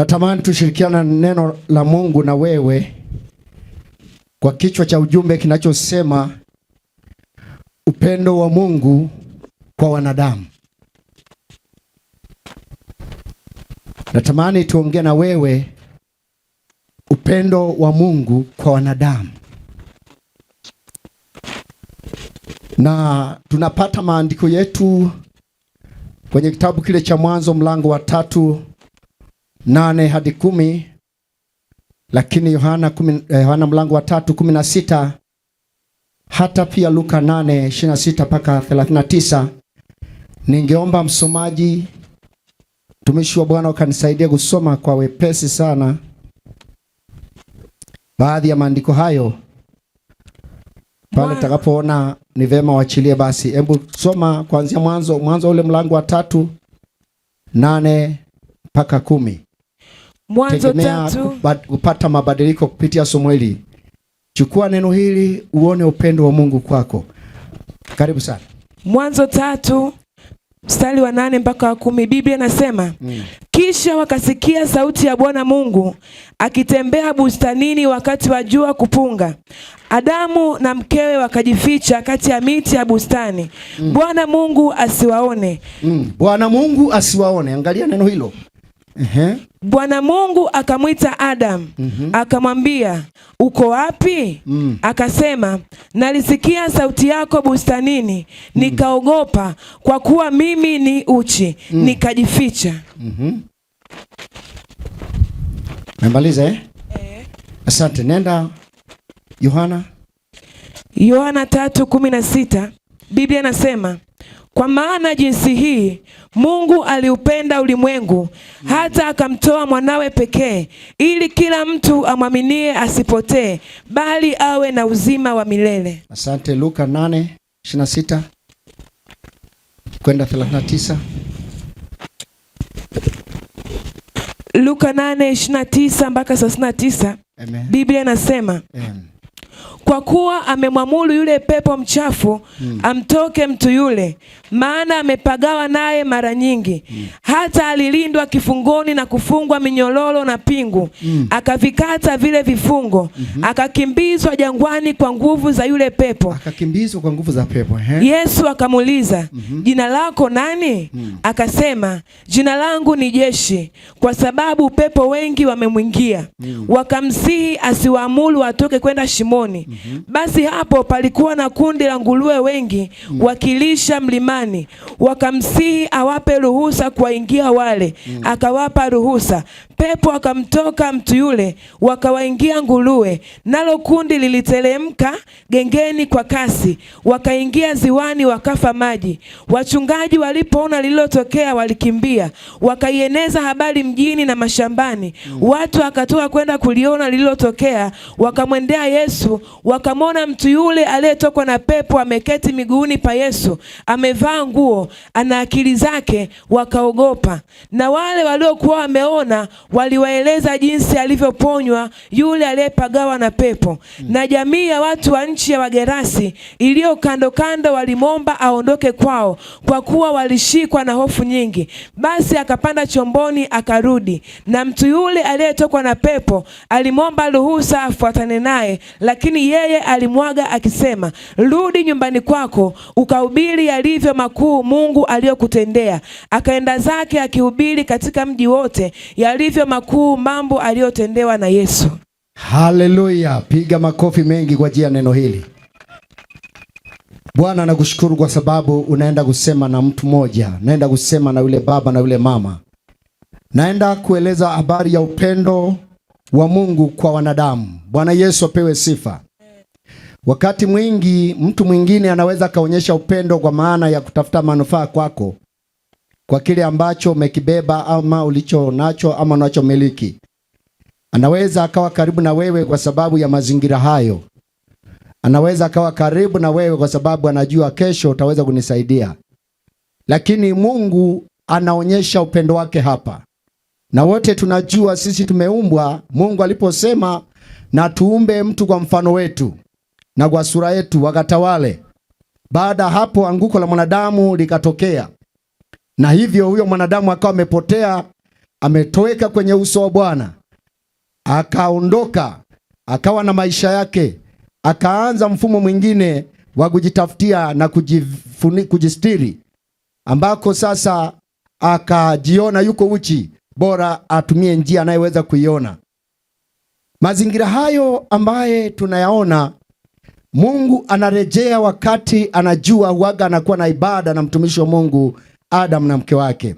Natamani tushirikiana na neno la Mungu na wewe kwa kichwa cha ujumbe kinachosema upendo wa Mungu kwa wanadamu. Natamani tuongee na wewe upendo wa Mungu kwa wanadamu. Na tunapata maandiko yetu kwenye kitabu kile cha Mwanzo mlango wa tatu nane hadi kumi lakini Yohana, kumi, eh, Yohana mlango wa tatu kumi na sita hata pia Luka nane ishirini na sita mpaka thelathini na tisa Ningeomba msomaji mtumishi wa Bwana ukanisaidia kusoma kwa wepesi sana baadhi ya maandiko hayo pale takapoona ni vema wachilie basi. Hebu soma kuanzia mwanzo mwanzo ule mlango wa tatu nane mpaka kumi tegemea kupata mabadiliko kupitia somo hili. Chukua neno hili uone upendo wa Mungu kwako. Karibu sana. Mwanzo tatu mstari wa nane mpaka wa kumi Biblia nasema mm. Kisha wakasikia sauti ya Bwana Mungu akitembea bustanini wakati wa jua kupunga. Adamu na mkewe wakajificha kati ya miti ya bustani mm. Bwana Mungu asiwaone mm. Bwana Mungu asiwaone, angalia neno hilo uh -huh. Bwana Mungu akamwita Adamu uh mm-hmm. -huh. akamwambia uko wapi? mm. Akasema, nalisikia sauti yako bustanini, mm. nikaogopa, kwa kuwa mimi ni uchi, mm. nikajificha. uh mm-hmm. -huh. eh? Eh. Asante, nenda Yohana Yohana tatu kumi na sita Biblia inasema kwa maana jinsi hii Mungu aliupenda ulimwengu hata akamtoa mwanawe pekee, ili kila mtu amwaminie asipotee, bali awe na uzima wa milele. Asante. Luka 8:26 kwenda 39. Luka 8:29 mpaka 39. Biblia inasema Amen kwa kuwa amemwamuru yule pepo mchafu mm. amtoke mtu yule, maana amepagawa naye mara nyingi mm. hata alilindwa kifungoni na kufungwa minyororo na pingu mm. akavikata vile vifungo mm -hmm. akakimbizwa jangwani kwa nguvu za yule pepo, akakimbizwa kwa nguvu za pepo he? Eh? Yesu akamuuliza mm -hmm. jina lako nani? mm. akasema jina langu ni Jeshi, kwa sababu pepo wengi wamemwingia mm. wakamsihi asiwaamuru atoke kwenda shimoni mbinguni. mm -hmm. Basi hapo palikuwa na kundi la nguruwe wengi mm -hmm. wakilisha mlimani, wakamsihi awape ruhusa kuwaingia wale. mm -hmm. Akawapa ruhusa, pepo akamtoka mtu yule, wakawaingia nguruwe, nalo kundi liliteremka gengeni kwa kasi, wakaingia ziwani, wakafa maji. Wachungaji walipoona lililotokea, walikimbia wakaieneza habari mjini na mashambani. mm -hmm. Watu akatoka kwenda kuliona lililotokea, wakamwendea Yesu wakamwona mtu yule aliyetokwa na pepo ameketi miguuni pa Yesu, amevaa nguo, ana akili zake, wakaogopa. Na wale waliokuwa wameona waliwaeleza jinsi alivyoponywa yule aliyepagawa na pepo. Mm. Na jamii ya watu wa nchi ya Wagerasi iliyo kando kando walimwomba aondoke kwao, kwa kuwa walishikwa na hofu nyingi. Basi akapanda chomboni akarudi, na mtu yule aliyetokwa na pepo alimwomba ruhusa afuatane naye, lakini lakini yeye alimwaga akisema, rudi nyumbani kwako ukahubiri yalivyo makuu Mungu aliyokutendea. Akaenda zake akihubiri katika mji wote yalivyo makuu mambo aliyotendewa na Yesu. Haleluya! Piga makofi mengi kwa ajili ya neno hili. Bwana, nakushukuru kwa sababu unaenda kusema na mtu mmoja, naenda kusema na yule baba na yule mama, naenda kueleza habari ya upendo wa Mungu kwa wanadamu. Bwana Yesu apewe sifa. Wakati mwingi mtu mwingine anaweza akaonyesha upendo kwa maana ya kutafuta manufaa kwako kwa kile ambacho umekibeba ama ulicho nacho ama unachomiliki. Anaweza akawa karibu na wewe kwa sababu ya mazingira hayo. Anaweza akawa karibu na wewe kwa sababu anajua kesho utaweza kunisaidia. Lakini Mungu anaonyesha upendo wake hapa na wote tunajua sisi tumeumbwa. Mungu aliposema na tuumbe mtu kwa mfano wetu na kwa sura yetu wakatawale. Baada ya hapo, anguko la mwanadamu likatokea, na hivyo huyo mwanadamu akawa amepotea, ametoweka kwenye uso wa Bwana, akaondoka, akawa na maisha yake, akaanza mfumo mwingine wa kujitafutia na kujifuni, kujistiri ambako sasa akajiona yuko uchi bora atumie njia anayeweza kuiona. Mazingira hayo ambaye tunayaona, Mungu anarejea wakati anajua uaga anakuwa na ibada na mtumishi wa Mungu Adam na mke wake.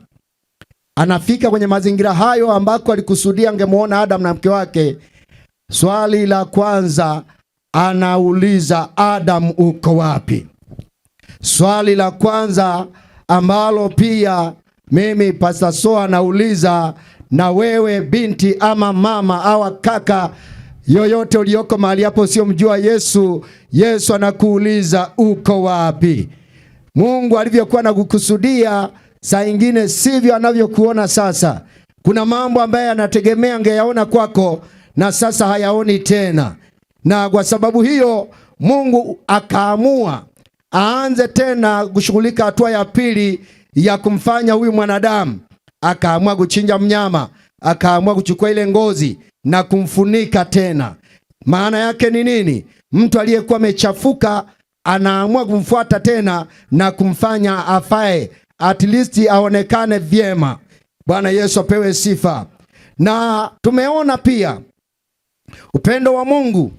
Anafika kwenye mazingira hayo ambako alikusudia angemwona Adam na mke wake. Swali la kwanza anauliza, Adam uko wapi? Swali la kwanza ambalo pia mimi Pastor Soa nauliza, na wewe binti ama mama au kaka yoyote ulioko mahali hapo usiomjua Yesu, Yesu anakuuliza uko wapi? Mungu alivyokuwa kukusudia saa ingine sivyo anavyokuona sasa. Kuna mambo ambayo anategemea angeyaona kwako na sasa hayaoni tena, na kwa sababu hiyo Mungu akaamua aanze tena kushughulika hatua ya pili ya kumfanya huyu mwanadamu akaamua kuchinja mnyama, akaamua kuchukua ile ngozi na kumfunika tena. Maana yake ni nini? Mtu aliyekuwa amechafuka anaamua kumfuata tena na kumfanya afae, at least aonekane vyema. Bwana Yesu apewe sifa. Na tumeona pia upendo wa Mungu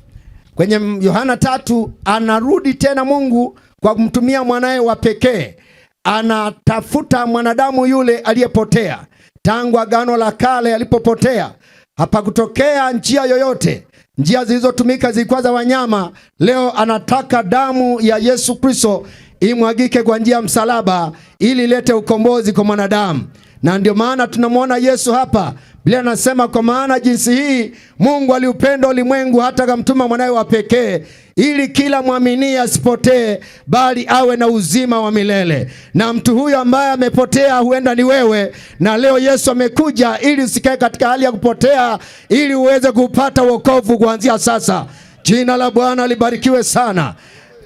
kwenye Yohana tatu, anarudi tena Mungu kwa kumtumia mwanaye wa pekee anatafuta mwanadamu yule aliyepotea. Tangu agano la kale alipopotea, hapakutokea njia yoyote. Njia zilizotumika zilikuwa za wanyama. Leo anataka damu ya Yesu Kristo imwagike kwa njia ya msalaba, ili ilete ukombozi kwa mwanadamu na ndio maana tunamwona Yesu hapa. Biblia anasema kwa maana jinsi hii Mungu aliupenda ulimwengu hata akamtuma mwanawe wa pekee, ili kila mwamini asipotee, bali awe na uzima wa milele. Na mtu huyo ambaye amepotea huenda ni wewe, na leo Yesu amekuja ili usikae katika hali ya kupotea, ili uweze kupata wokovu kuanzia sasa. Jina la Bwana libarikiwe sana.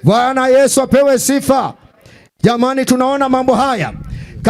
Bwana Yesu apewe sifa. Jamani, tunaona mambo haya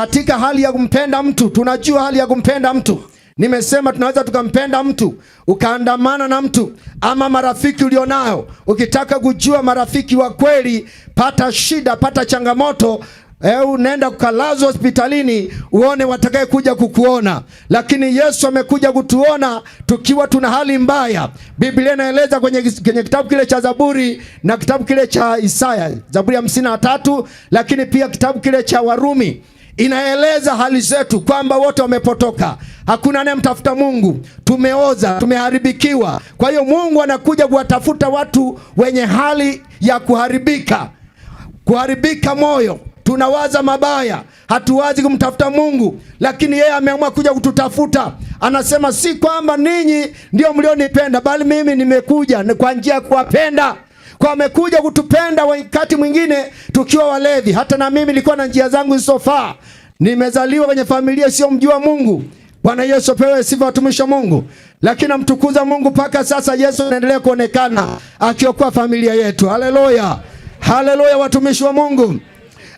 katika hali ya kumpenda mtu. Tunajua hali ya kumpenda mtu, nimesema tunaweza tukampenda mtu, ukaandamana na mtu ama marafiki ulionayo. Ukitaka kujua marafiki wa kweli, pata shida, pata changamoto Eu, eh, nenda kukalazwa hospitalini uone watakaye kuja kukuona, lakini Yesu amekuja kutuona tukiwa tuna hali mbaya. Biblia inaeleza kwenye, kwenye kitabu kile cha Zaburi na kitabu kile cha Isaya, Zaburi ya hamsini na tatu, lakini pia kitabu kile cha Warumi inaeleza hali zetu kwamba wote wamepotoka, hakuna anayemtafuta Mungu, tumeoza, tumeharibikiwa. Kwa hiyo Mungu anakuja kuwatafuta watu wenye hali ya kuharibika, kuharibika moyo tunawaza mabaya, hatuwazi kumtafuta Mungu, lakini yeye ameamua kuja kututafuta. Anasema si kwamba ninyi ndio mlionipenda, bali mimi nimekuja kwa njia ya kuwapenda kwa wamekuja kutupenda wakati mwingine tukiwa walevi. Hata na mimi nilikuwa na njia zangu zisofaa. Nimezaliwa kwenye familia mjua Mungu. Bwana Yesu pewe sifa, watumishi wa Mungu, lakini namtukuza Mungu mpaka sasa. Yesu anaendelea kuonekana akiokoa familia yetu. Haleluya, haleluya, watumishi wa Mungu,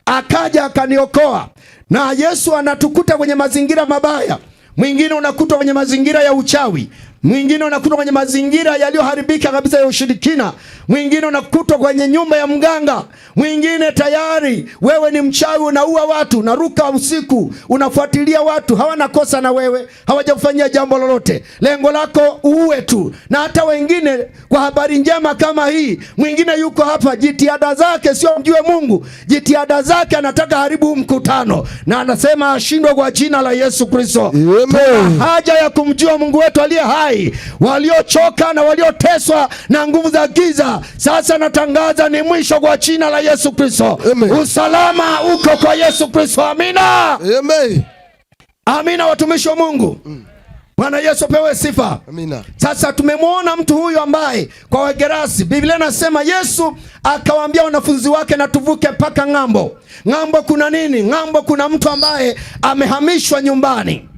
akaja akaniokoa. Na Yesu anatukuta kwenye mazingira mabaya, mwingine unakuta kwenye mazingira ya uchawi mwingine unakutwa kwenye mazingira yaliyoharibika kabisa ya ushirikina, mwingine unakutwa kwenye nyumba ya mganga, mwingine tayari wewe ni mchawi, unaua watu, unaruka usiku, unafuatilia watu, hawana kosa na wewe, hawajakufanyia jambo lolote, lengo lako uue tu. Na hata wengine, kwa habari njema kama hii, mwingine yuko hapa, jitihada zake sio mjue Mungu, jitihada zake anataka haribu mkutano, na anasema ashindwe kwa jina la Yesu Kristo. Tuna haja ya kumjua Mungu wetu aliye hai hai, waliochoka na walioteswa na nguvu za giza. Sasa natangaza ni mwisho kwa jina la Yesu Kristo. Usalama uko kwa Yesu Kristo. Amina, Amen. Amina, watumishi wa Mungu Bwana Yesu pewe sifa. Amina. Sasa tumemwona mtu huyu ambaye kwa Wagerasi Biblia nasema Yesu akawaambia wanafunzi wake na tuvuke mpaka ng'ambo. Ng'ambo kuna nini? Ng'ambo kuna mtu ambaye amehamishwa nyumbani.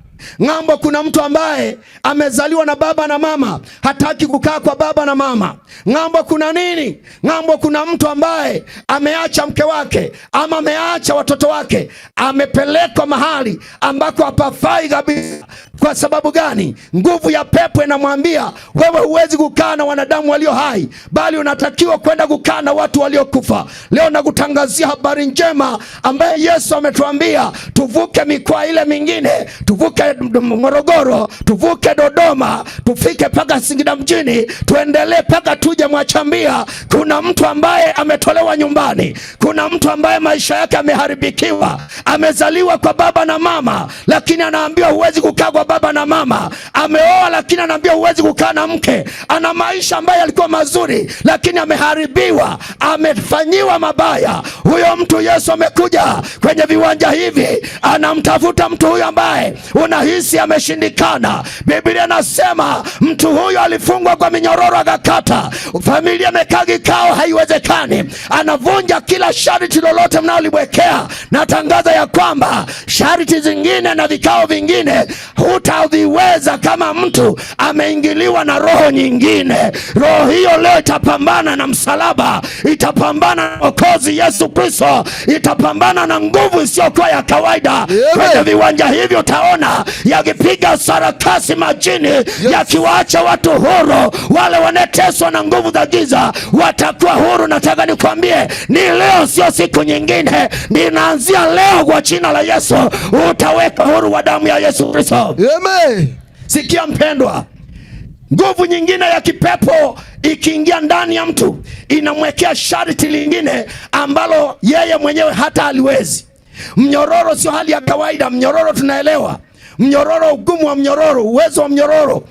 Ng'ambo kuna mtu ambaye amezaliwa na baba na mama, hataki kukaa kwa baba na mama. Ng'ambo kuna nini? Ng'ambo kuna mtu ambaye ameacha mke wake ama ameacha watoto wake, amepelekwa mahali ambako hapafai kabisa. Kwa sababu gani? Nguvu ya pepo inamwambia wewe huwezi kukaa na wanadamu walio hai, bali unatakiwa kwenda kukaa na watu waliokufa. Leo nakutangazia habari njema ambaye Yesu ametuambia tuvuke mikoa ile mingine, tuvuke Morogoro, tuvuke Dodoma, tufike mpaka Singida mjini, tuendelee mpaka tuje Mwachambia. Kuna mtu ambaye ametolewa nyumbani, kuna mtu ambaye maisha yake ameharibikiwa, amezaliwa kwa baba na mama, lakini anaambiwa huwezi kukaa kwa baba na mama, ameoa lakini anaambia huwezi kukaa na mke. Ana maisha ambayo yalikuwa mazuri, lakini ameharibiwa, amefanyiwa mabaya. Huyo mtu Yesu amekuja kwenye viwanja hivi, anamtafuta mtu huyo ambaye unahisi ameshindikana. Biblia nasema mtu huyo alifungwa kwa minyororo akakata, familia imekaa kikao, haiwezekani. Anavunja kila sharti lolote mnaolimwekea. Natangaza ya kwamba sharti zingine na vikao vingine hutaviweza kama mtu ameingiliwa na roho nyingine. Roho hiyo leo itapambana na msalaba, itapambana na Mwokozi Yesu Kristo, itapambana na nguvu isiyokuwa ya kawaida kwenye viwanja hivyo utaona yakipiga sarakasi majini yes. yakiwaacha watu huru, wale wanaeteswa na nguvu za giza watakuwa huru. Nataka nikwambie ni leo, sio siku nyingine, ninaanzia leo kwa jina la Yesu utaweka huru wa damu ya Yesu Kristo yeah. Amen. Sikia mpendwa, nguvu nyingine ya kipepo ikiingia ndani ya mtu inamwekea sharti lingine ambalo yeye mwenyewe hata aliwezi. Mnyororo sio hali ya kawaida. Mnyororo tunaelewa, mnyororo, ugumu wa mnyororo, uwezo wa mnyororo,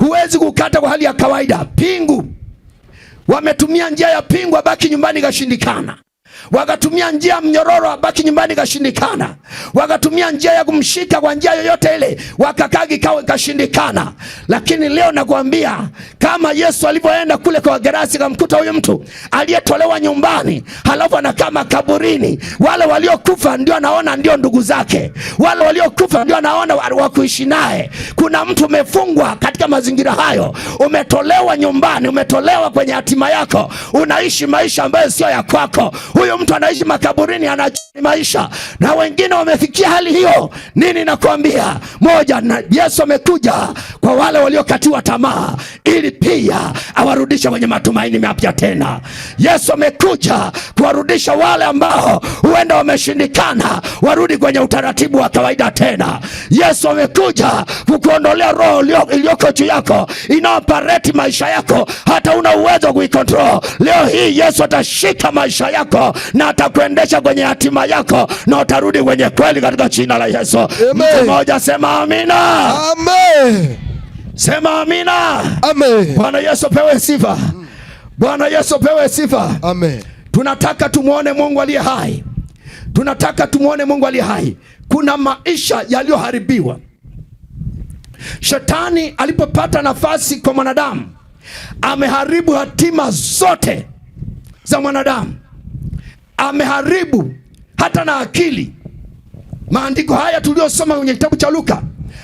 huwezi kukata kwa hali ya kawaida. Pingu wametumia njia ya pingu, abaki nyumbani, ikashindikana wakatumia njia mnyororo, abaki nyumbani, kashindikana. Wakatumia njia ya kumshika kwa njia yoyote ile, wakakaa kikao, kashindikana. Lakini leo nakwambia, kama Yesu alivyoenda kule kwa Gerasi, akamkuta huyo mtu aliyetolewa nyumbani, halafu anakaa makaburini. Wale waliokufa ndio anaona ndio ndugu zake, wale waliokufa ndio anaona wa kuishi naye. Kuna mtu umefungwa katika mazingira hayo, umetolewa nyumbani, umetolewa kwenye hatima yako, unaishi maisha ambayo sio ya kwako. Huyu huyu mtu anaishi makaburini, anajua maisha, na wengine wamefikia hali hiyo. Nini nakwambia? Moja, na Yesu amekuja kwa wale waliokatiwa tamaa, ili pia awarudishe wenye matumaini mapya tena. Yesu amekuja kuwarudisha wale ambao huenda wameshindikana, warudi kwenye utaratibu wa kawaida tena. Yesu amekuja kukuondolea roho iliyoko juu yako inaopareti maisha yako, hata una uwezo wa kuikontrol. Leo hii Yesu atashika maisha yako na atakuendesha kwenye hatima yako na utarudi kwenye kweli katika jina la Yesu. Mtu mmoja sema amina. Amen. Sema amina. Amen. Bwana Yesu pewe sifa. Bwana Yesu pewe sifa. Amen. Tunataka tumwone Mungu aliye hai. Tunataka tumwone Mungu aliye hai. Kuna maisha yaliyoharibiwa. Shetani alipopata nafasi kwa mwanadamu, ameharibu hatima zote za mwanadamu ameharibu hata na akili. Maandiko haya tuliyosoma kwenye kitabu cha Luka,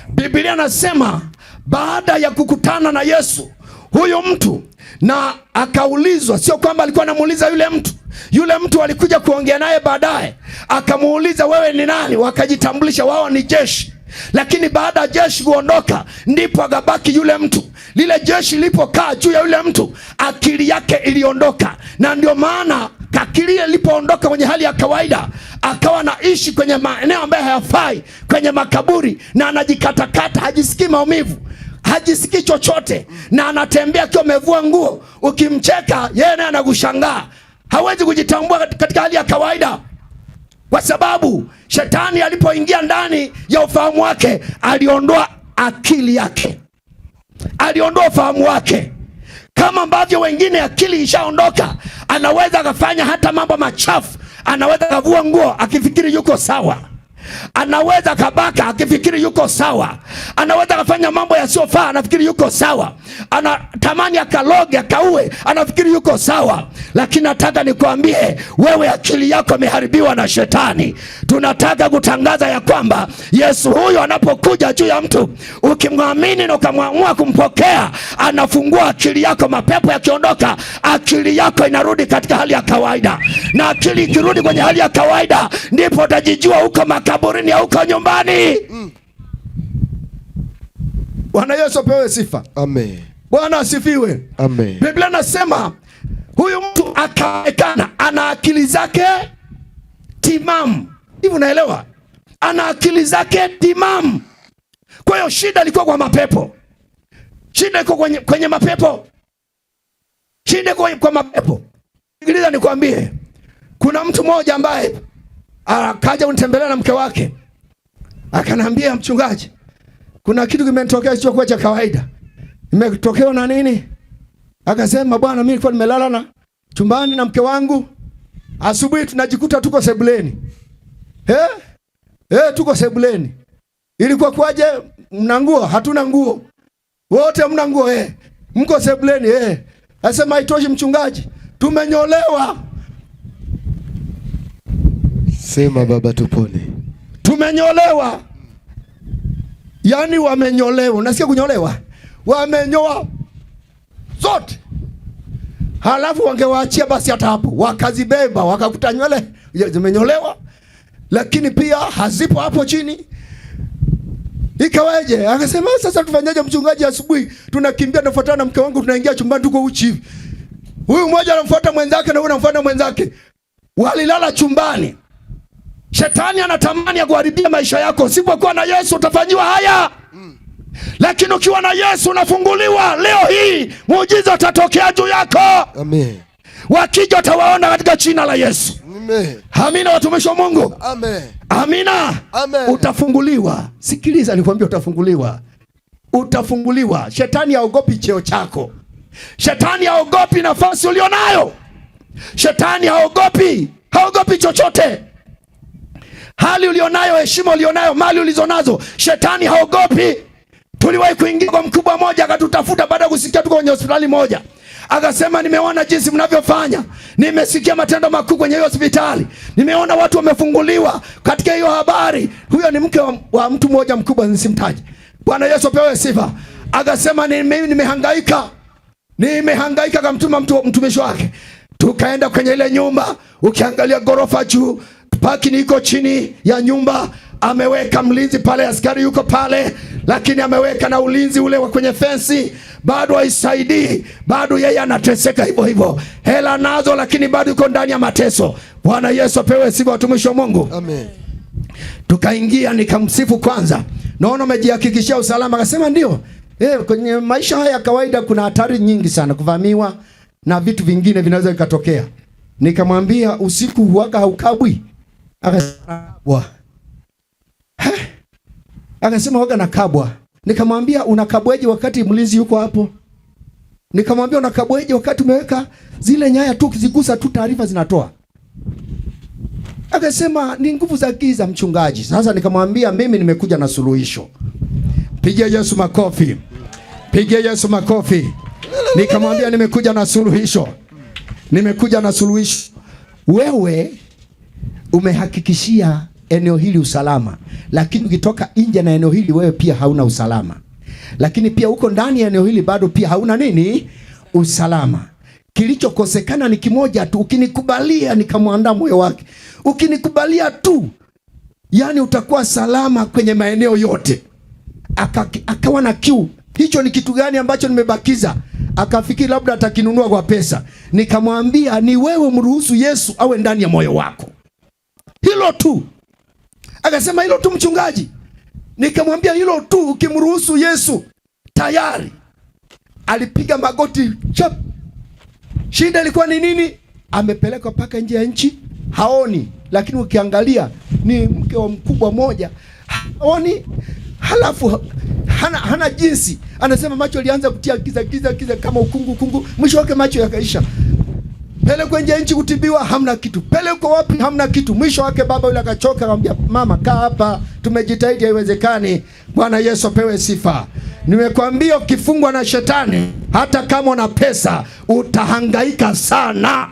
Biblia anasema baada ya kukutana na Yesu huyu mtu na akaulizwa, sio kwamba alikuwa anamuuliza yule mtu, yule mtu alikuja kuongea naye baadaye, akamuuliza wewe ni nani? Wakajitambulisha wao ni jeshi, lakini baada ya jeshi kuondoka, ndipo akabaki yule mtu. Lile jeshi lilipokaa juu ya yule mtu, akili yake iliondoka, na ndio maana akili ilipoondoka kwenye hali ya kawaida, akawa naishi kwenye maeneo ambayo hayafai, kwenye makaburi, na anajikatakata, hajisikii maumivu hajisikii chochote, na anatembea akiwa amevua nguo. Ukimcheka yeye naye anakushangaa. Hawezi kujitambua katika hali ya kawaida, kwa sababu shetani alipoingia ndani ya ufahamu wake aliondoa akili yake, aliondoa ufahamu wake kama ambavyo wengine akili ishaondoka, anaweza akafanya hata mambo machafu, anaweza akavua nguo akifikiri yuko sawa. Anaweza kabaka akifikiri yuko sawa, anaweza kafanya mambo yasiyofaa, anafikiri yuko sawa, anatamani akaloge akaue, anafikiri yuko sawa. Lakini nataka nikwambie wewe, akili yako imeharibiwa na shetani. Tunataka kutangaza ya kwamba Yesu huyo anapokuja juu ya mtu, ukimwamini na ukamwamua kumpokea, anafungua akili yako. Mapepo yakiondoka, akili yako inarudi katika hali ya kawaida, na akili ikirudi kwenye hali ya kawaida, ndipo utajijua huko maka kaburini, hauko nyumbani. Mm. Bwana Yesu apewe sifa. Amen. Bwana asifiwe. Amen. Biblia nasema huyu mtu akaonekana ana akili zake timamu. Hivi unaelewa? Ana akili zake timamu. Kwa hiyo shida ilikuwa kwa mapepo. Shida iko kwenye, kwenye mapepo. Shida iko kwa mapepo. Sikiliza nikwambie. Kuna mtu mmoja ambaye akaja kunitembelea na mke wake, akanambia mchungaji, kuna kitu kimetokea sio kwa cha kawaida. Imetokea na nini? Akasema bwana, mimi nilikuwa nimelala na chumbani na mke wangu, asubuhi tunajikuta tuko sebuleni. Eh? Eh, tuko sebuleni. Ilikuwa kwaje? Mna nguo? Hatuna nguo. Wote mna nguo eh. Mko sebuleni eh. Asema haitoshi mchungaji, tumenyolewa. Sema Baba tupone. Tumenyolewa, yaani wamenyolewa. Unasikia kunyolewa? Wamenyoa zote, halafu wangewaachia basi hata hapo, wakazibeba wakakuta nywele zimenyolewa, lakini pia hazipo hapo chini. Ikawaje? Akasema sasa tufanyaje mchungaji? Asubuhi tunakimbia tunafuatana na mke wangu, tunaingia chumbani, tuko uchi hivi, huyu mmoja anamfuata mwenzake na huyu anamfuata mwenzake, walilala chumbani Shetani anatamani ya kuharibia maisha yako. Usipokuwa na Yesu utafanyiwa haya mm. Lakini ukiwa na Yesu unafunguliwa. Leo hii muujiza utatokea juu yako. Amen. Wakija watawaona katika jina la Yesu. Amen. Amina, watumishi wa Mungu. Amen. Amina. Amen. Utafunguliwa. Sikiliza, nilikwambia utafunguliwa. Utafunguliwa. Shetani haogopi cheo chako. Shetani haogopi nafasi ulionayo. Shetani haogopi, haogopi chochote hali ulionayo, heshima ulionayo, mali ulizonazo, shetani haogopi. Tuliwahi kuingia kwa mkubwa moja, akatutafuta baada ya kusikia tuko kwenye hospitali moja, akasema nimeona jinsi mnavyofanya, nimesikia matendo makuu kwenye hiyo hospitali, nimeona watu wamefunguliwa katika hiyo habari. Huyo ni mke wa, wa mtu mmoja mkubwa, nisimtaje. Bwana Yesu apewe sifa. Akasema nime, nimehangaika nimehangaika, akamtuma mtu mtumishi wake, tukaenda kwenye ile nyumba, ukiangalia ghorofa juu parking iko chini ya nyumba, ameweka mlinzi pale, askari yuko pale, lakini ameweka na ulinzi ule wa kwenye fensi, bado haisaidii, bado yeye anateseka hivyo hivyo. Hela nazo, lakini bado yuko ndani ya mateso. Bwana Yesu apewe sifa, watumishi wa Mungu, amen. Tukaingia nikamsifu kwanza, naona umejihakikishia usalama. Akasema ndio. E, kwenye maisha haya ya kawaida kuna hatari nyingi sana, kuvamiwa na vitu vingine vinaweza vikatokea. Nikamwambia usiku huwaka haukabwi. Akasema akasema waga nakabwa. Nikamwambia unakabweje wakati mlinzi yuko hapo? Nikamwambia unakabweje wakati umeweka zile nyaya tu ukizigusa tu taarifa zinatoa. Akasema ni nguvu za giza mchungaji. Sasa nikamwambia mimi nimekuja na suluhisho. Pigia Yesu makofi. Pigia Yesu makofi. Nikamwambia nimekuja na suluhisho. Nimekuja na suluhisho. Wewe umehakikishia eneo hili usalama, lakini ukitoka nje na eneo hili wewe pia hauna usalama, lakini pia uko ndani ya eneo hili bado pia hauna nini usalama. Kilichokosekana ni kimoja tu, ukinikubalia nikamwandaa moyo wake, ukinikubalia tu, yani utakuwa salama kwenye maeneo yote. Aka, akawa na kiu, hicho ni kitu gani ambacho nimebakiza? Akafikiri labda atakinunua kwa pesa. Nikamwambia ni wewe, mruhusu Yesu awe ndani ya moyo wako hilo tu. Akasema hilo tu mchungaji. Nikamwambia hilo tu, ukimruhusu Yesu tayari. Alipiga magoti chap. Shida ilikuwa ni nini? Amepelekwa mpaka nje ya nchi, haoni. Lakini ukiangalia ni mke wa mkubwa mmoja haoni. Halafu hana, hana jinsi. Anasema macho alianza kutia giza giza giza kama ukungu ukungu, mwisho wake macho yakaisha pele kwenye nchi kutibiwa, hamna kitu, Pele kwa wapi, hamna kitu. Mwisho wake baba yule akachoka, akamwambia mama, kaa hapa, tumejitahidi, haiwezekani. Bwana Yesu apewe sifa. Nimekwambia ukifungwa na shetani, hata kama una pesa utahangaika sana,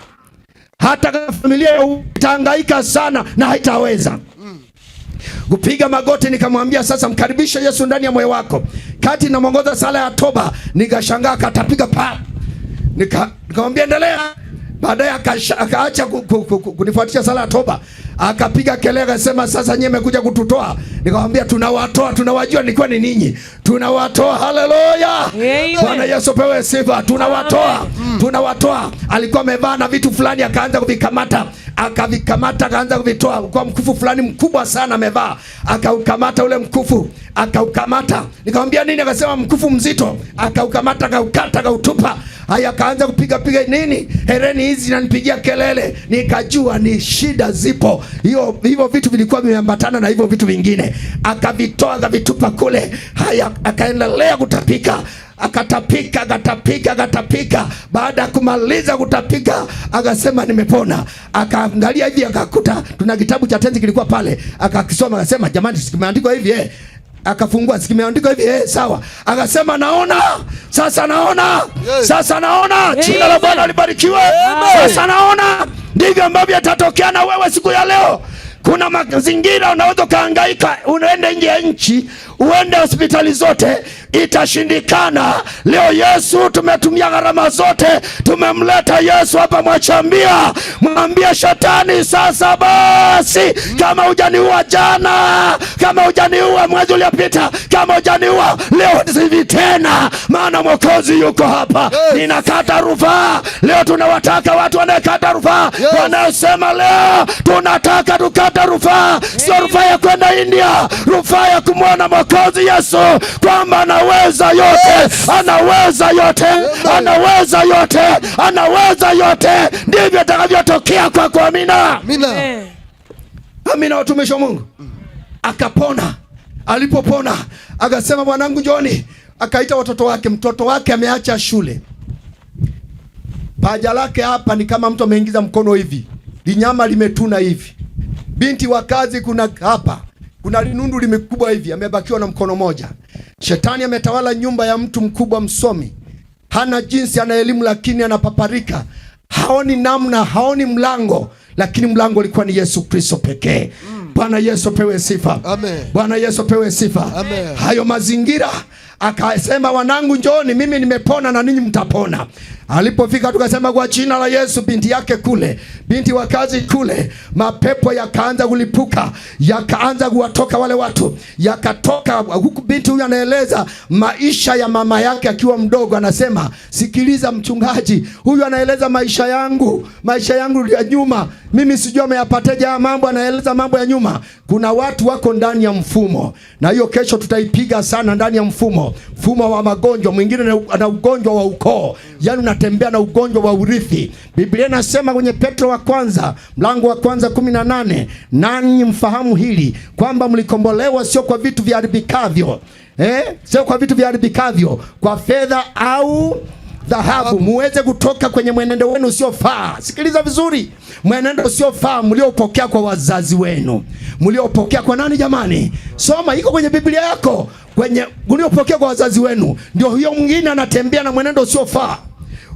hata kama familia utahangaika sana na haitaweza kupiga magoti. Nikamwambia sasa, mkaribishe Yesu ndani ya moyo wako. Kati namwongoza sala ya toba, nikashangaa katapiga pa, nikamwambia nika endelea Baadaye akaacha kunifuatisha sala ya toba, akapiga kelele sema, sasa nyie mmekuja kututoa. Nikamwambia tunawatoa, tunawajua nilikuwa ni ninyi, tunawatoa. Haleluya, Bwana Yesu pewe sifa. Tunawatoa, tunawatoa. Alikuwa amevaa na vitu fulani, akaanza kuvikamata akavikamata akaanza kuvitoa kwa mkufu fulani mkubwa sana amevaa, akaukamata ule mkufu, akaukamata. Nikamwambia nini? Akasema mkufu mzito. Akaukamata, akaukata, akautupa. Haya, akaanza kupiga piga, nini, hereni hizi zinanipigia kelele. Nikajua ni shida zipo. Hiyo hivyo vitu vilikuwa vimeambatana na hivyo vitu vingine, akavitoa akavitupa kule. Haya, akaendelea kutapika akatapika akatapika akatapika. Baada ya kumaliza kutapika, akasema nimepona. Akaangalia hivi akakuta tuna kitabu cha tenzi kilikuwa pale, akakisoma akasema, jamani, sikimeandikwa hivi eh. Akafungua kimeandikwa hivi eh, sawa. Akasema naona sasa, naona sasa, naona jina la Bwana libarikiwe. Sasa naona ndivyo ambavyo atatokea na wewe siku ya leo. Kuna mazingira unaweza ukahangaika, unaende nje ya nchi, uende hospitali zote, itashindikana. Leo Yesu tumetumia gharama zote, tumemleta Yesu hapa. Mwachambia, mwambie shetani, sasa basi, kama hujaniua jana, kama hujaniua mwezi uliopita, kama hujaniua leo, sivi tena, maana mwokozi yuko hapa. Ninakata rufaa leo, tunawataka watu wanaekata rufaa, wanaosema leo tunataka tukata Ninaita rufaa, sio rufaa ya kwenda India, rufaa ya kumwona Mwokozi Yesu kwamba anaweza yote, anaweza yote, anaweza yote, anaweza yote. Ndivyo atakavyotokea kwako. Amina, amina, watumishi wa Mungu. Akapona. Alipopona akasema, mwanangu njoni. Akaita watoto wake. Mtoto wake ameacha shule, paja lake hapa ni kama mtu ameingiza mkono hivi, linyama limetuna hivi binti wa kazi, kuna hapa kuna linundu limekubwa hivi, amebakiwa na mkono moja. Shetani ametawala nyumba ya mtu mkubwa, msomi, hana jinsi, ana elimu lakini anapaparika, haoni namna, haoni mlango, lakini mlango ulikuwa ni Yesu Kristo pekee. Mm. Bwana Yesu pewe sifa, amen. Bwana Yesu pewe sifa, amen. Hayo mazingira akasema wanangu, njoni, mimi nimepona na ninyi mtapona. Alipofika tukasema kwa jina la Yesu, binti yake kule, binti wa kazi kule, mapepo yakaanza kulipuka, yakaanza kuwatoka wale watu, yakatoka huku. Binti huyu anaeleza maisha ya mama yake akiwa mdogo, anasema, sikiliza mchungaji, huyu anaeleza maisha yangu, maisha yangu ya nyuma, mimi sijui ameyapateja haya mambo, anaeleza mambo ya nyuma. Kuna watu wako ndani ya mfumo, na hiyo kesho tutaipiga sana ndani ya mfumo ukoo, mfumo wa magonjwa, mwingine na ugonjwa wa ukoo, yani unatembea na ugonjwa wa urithi. Biblia inasema kwenye Petro wa kwanza mlango wa kwanza kumi na nane nanyi mfahamu hili kwamba mlikombolewa sio kwa vitu viharibikavyo, eh, sio kwa vitu viharibikavyo, kwa fedha au dhahabu, muweze kutoka kwenye mwenendo wenu usiofaa. Sikiliza vizuri, mwenendo usiofaa mliopokea kwa wazazi wenu, mliopokea kwa nani? Jamani, soma, iko kwenye Biblia yako, kwenye uliopokea kwa wazazi wenu. Ndio huyo mwingine anatembea na mwenendo usiofaa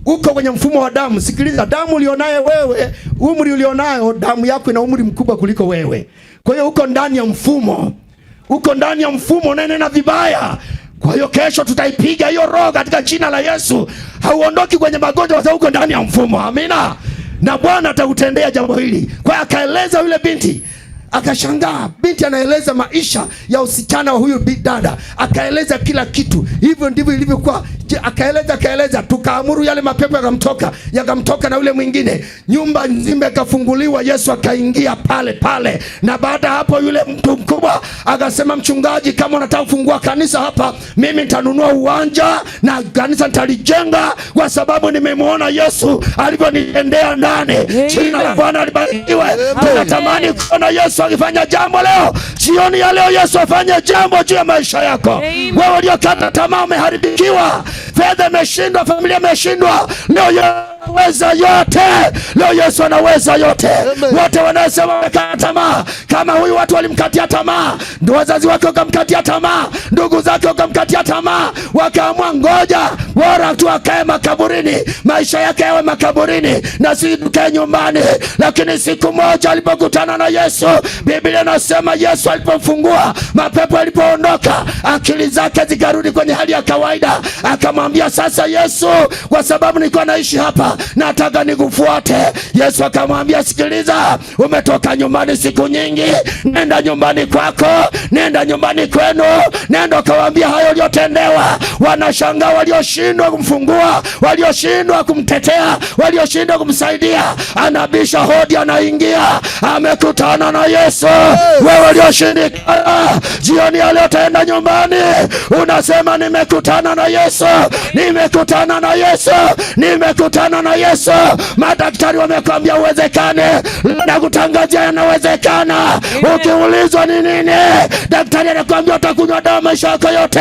uko kwenye mfumo wa damu. Sikiliza, damu ulionayo wewe, umri ulionayo, damu yako ina umri mkubwa kuliko wewe. Kwa hiyo uko ndani ya mfumo, uko ndani ya mfumo unaenena vibaya. Kwa hiyo kesho tutaipiga hiyo roho katika jina la Yesu. Hauondoki kwenye magonjwa, sababu uko ndani ya mfumo. Amina, na Bwana atakutendea jambo hili. Kwa hiyo akaeleza yule binti Akashangaa, binti anaeleza maisha ya usichana wa huyu dada, akaeleza kila kitu. Hivyo ndivyo ilivyokuwa akaeleza akaeleza, tukaamuru yale mapepo yakamtoka, yakamtoka na yule mwingine, nyumba nzima ikafunguliwa. Yesu akaingia pale pale, na baada hapo yule mtu mkubwa akasema, mchungaji, kama unataka kufungua kanisa hapa, mimi nitanunua uwanja na kanisa nitalijenga, kwa sababu nimemwona Yesu alivyonitendea ndani. Jina la Bwana libarikiwe. Tunatamani kuona Yesu akifanya jambo leo jioni ya leo. Yesu afanye jambo juu ya maisha yako wewe, uliokata tamaa, umeharibikiwa Fedha imeshindwa, familia imeshindwa. Leo yaweza yote, leo Yesu anaweza yote. Wote wanaosema wamekata tamaa, kama huyu watu walimkatia tamaa, ndo wazazi wake wakamkatia tamaa, ndugu zake wakamkatia tamaa, wakaamua ngoja bora tu akae makaburini, maisha yake yawe makaburini na si tukae nyumbani. Lakini siku moja alipokutana na Yesu, Biblia inasema Yesu alipomfungua, mapepo alipoondoka, akili zake zikarudi kwenye hali ya kawaida aka Akamwambia, sasa Yesu, kwa sababu nilikuwa naishi hapa, nataka nikufuate. Yesu akamwambia, sikiliza, umetoka nyumbani siku nyingi, nenda nyumbani kwako, nenda nyumbani kwenu, nenda ukawaambia hayo uliyotendewa. Wanashangaa walioshindwa kumfungua, walioshindwa kumtetea, walioshindwa kumsaidia. Anabisha hodi, anaingia, amekutana na Yesu. Wewe ulioshindikana, jioni ya leo nyumbani, unasema nimekutana na Yesu nimekutana na Yesu, nimekutana na Yesu. Madaktari wamekwambia uwezekane, nakutangazia yanawezekana. Ukiulizwa ni nini, daktari anakwambia utakunywa dawa maisha yako yote.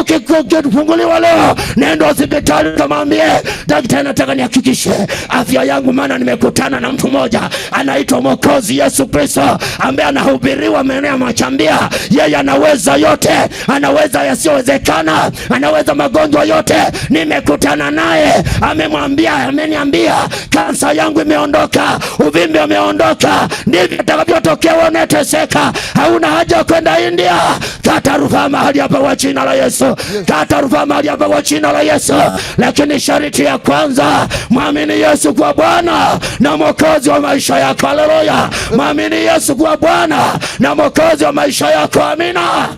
Ukifunguliwa leo, nenda hospitali kamwambie daktari, nataka nihakikishe afya yangu, maana nimekutana na mtu mmoja anaitwa Mwokozi Yesu Kristo ambaye anahubiriwa maeneo ya Machambia. Yeye anaweza yote, anaweza yasiyowezekana, anaweza magonjwa yote nimekutana naye, amemwambia ameniambia, kansa yangu imeondoka, uvimbe umeondoka. Ndivyo itakavyotokea wewe unateseka. Hauna haja ya kwenda India. Kata rufaa mahali hapa kwa jina la Yesu, kata rufaa mahali hapa kwa jina la Yesu. Lakini sharti ya kwanza, mwamini Yesu kwa Bwana na mwokozi wa maisha yako. Haleluya, mwamini Yesu kwa Bwana na mwokozi wa maisha yako. Amina,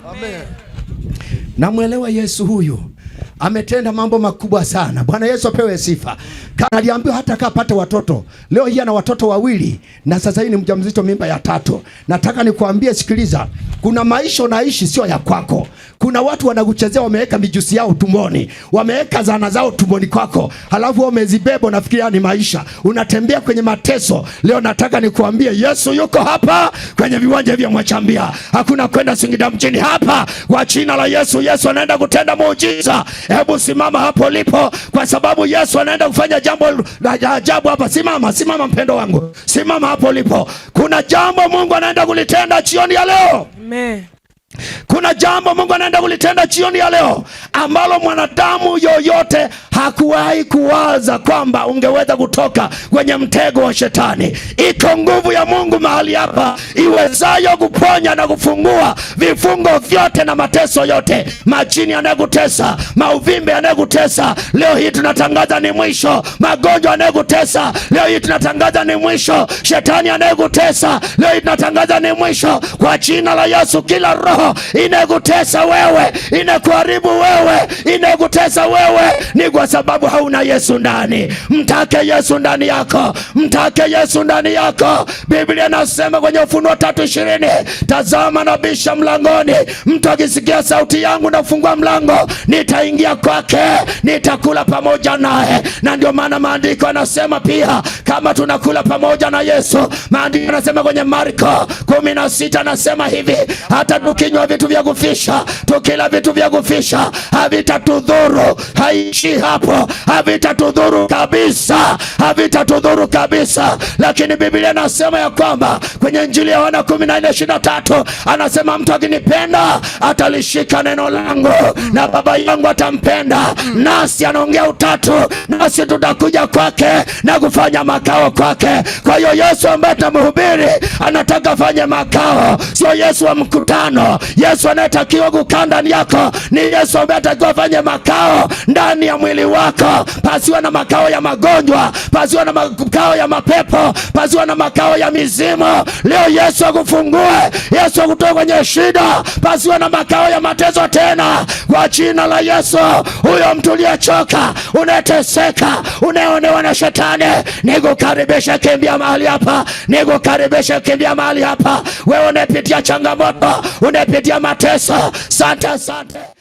namwelewa Yesu huyu ametenda mambo makubwa sana. Bwana Yesu apewe sifa. Aliambiwa hata kapate watoto, leo hii ana watoto wawili na sasa hivi ni mjamzito, mimba ya tatu. Nataka nikuambie, sikiliza, kuna maisha unaishi sio ya kwako. Kuna watu wanakuchezea, wameweka mijusi yao tumboni, wameweka zana zao tumboni kwako, halafu wao umezibeba, unafikiria ni maisha, unatembea kwenye mateso. Leo nataka nikuambie, Yesu yuko hapa kwenye viwanja vya Mwachambia, hakuna kwenda Singida mjini hapa, kwa jina la Yesu. Yesu anaenda kutenda muujiza Hebu simama hapo ulipo, kwa sababu Yesu anaenda kufanya jambo la ajabu hapa. Simama, simama mpendo wangu, simama hapo ulipo. Kuna jambo Mungu anaenda kulitenda jioni ya leo. Amen. Kuna jambo Mungu anaenda kulitenda jioni ya leo ambalo mwanadamu yoyote hakuwahi kuwaza kwamba ungeweza kutoka kwenye mtego wa shetani. Iko nguvu ya Mungu mahali hapa iwezayo kuponya na kufungua vifungo vyote na mateso yote, machini yanayokutesa, mauvimbe yanayokutesa, leo hii tunatangaza ni mwisho. Magonjwa yanayokutesa, leo hii tunatangaza ni mwisho. Shetani anayekutesa, leo hii tunatangaza ni mwisho kwa jina la Yesu. Kila roho inayekutesa wewe, inakuharibu wewe, inayekutesa wewe ni kwa sababu hauna Yesu ndani. Mtake Yesu ndani yako, mtake Yesu ndani yako. Biblia nasema kwenye Ufunuo tatu ishirini tazama bisha mlangoni, mtu akisikia sauti yangu na kufungua mlango, nitaingia kwake, nitakula pamoja naye. Na ndio maana maandiko yanasema pia kama tunakula pamoja na Yesu, maandiko yanasema kwenye Marko kumi na sita anasema hivi, hata tukinywa vitu vya kufisha, tukila vitu vya kufisha havitatudhuru, haishi hapa hapo havitatudhuru kabisa, havitatudhuru kabisa. Lakini Biblia nasema ya kwamba kwenye Injili ya Yohana kumi na nne tatu anasema mtu akinipenda atalishika neno langu na Baba yangu atampenda, nasi anaongea utatu, nasi tutakuja kwake na kufanya makao kwake. Kwa hiyo Yesu ambaye tunamhubiri anataka afanye makao, sio Yesu wa mkutano. Yesu anayetakiwa kukaa ndani yako ni Yesu ambaye atakiwa afanye makao ndani ya mwili wako, pasiwe na makao ya magonjwa, pasiwe na makao ya mapepo, pasiwe na makao ya mizimu. Leo Yesu akufungue, Yesu akutoe kwenye shida, pasiwe na makao ya mateso tena, kwa jina la Yesu. Huyo mtu uliyechoka, unayeteseka, unayeonewa na shetani, nikukaribisha, kimbia mahali hapa, nikukaribisha, kimbia mahali hapa. Wewe unayepitia changamoto, unayepitia mateso, sante, sante.